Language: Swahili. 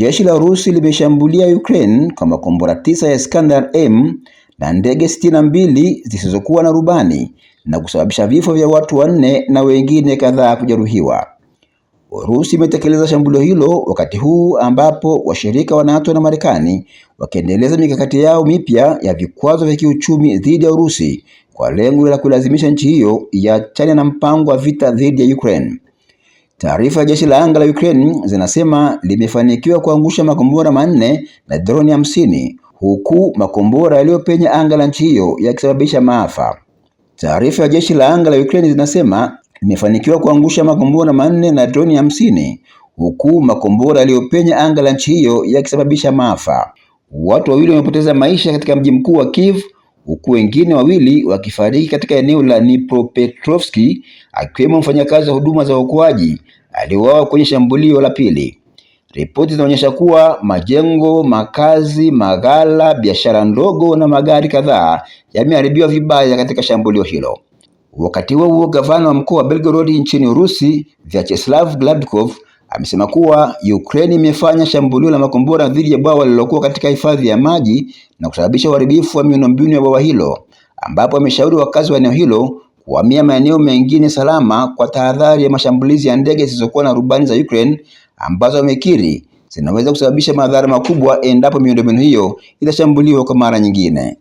Jeshi la Urusi limeshambulia Ukraine kwa makombora tisa ya Iskander M na ndege sitini na mbili zisizokuwa na rubani na kusababisha vifo vya watu wanne na wengine kadhaa kujeruhiwa. Urusi imetekeleza shambulio hilo wakati huu ambapo washirika wa NATO na Marekani wakiendeleza mikakati yao mipya ya vikwazo vya kiuchumi dhidi ya Urusi kwa lengo la kuilazimisha nchi hiyo iachane na mpango wa vita dhidi ya Ukraine. Taarifa ya jeshi la anga la Ukraine zinasema limefanikiwa kuangusha makombora manne na droni hamsini huku makombora yaliyopenya anga la nchi hiyo yakisababisha maafa. Taarifa ya jeshi la anga la Ukraine zinasema limefanikiwa kuangusha makombora manne na droni hamsini huku makombora yaliyopenya anga la nchi hiyo yakisababisha maafa. Watu wawili wamepoteza maisha katika mji mkuu wa Kiev huku wengine wawili wakifariki katika eneo la Dnipropetrovsk, akiwemo mfanyakazi wa huduma za uokoaji aliyeuawa kwenye shambulio la pili. Ripoti zinaonyesha kuwa majengo, makazi, maghala, biashara ndogo na magari kadhaa yameharibiwa vibaya katika shambulio hilo. Wakati huo huo, gavana wa mkoa wa Belgorod nchini Urusi, Vyacheslav Gladkov amesema kuwa Ukraine imefanya shambulio la makombora dhidi ya bwawa lililokuwa katika hifadhi ya maji na kusababisha uharibifu wa miundombinu ya bwawa hilo, ambapo ameshauri wakazi wa eneo hilo kuhamia maeneo mengine salama kwa tahadhari ya mashambulizi ya ndege zisizokuwa na rubani za Ukraine ambazo wamekiri zinaweza kusababisha madhara makubwa endapo miundombinu hiyo itashambuliwa kwa mara nyingine.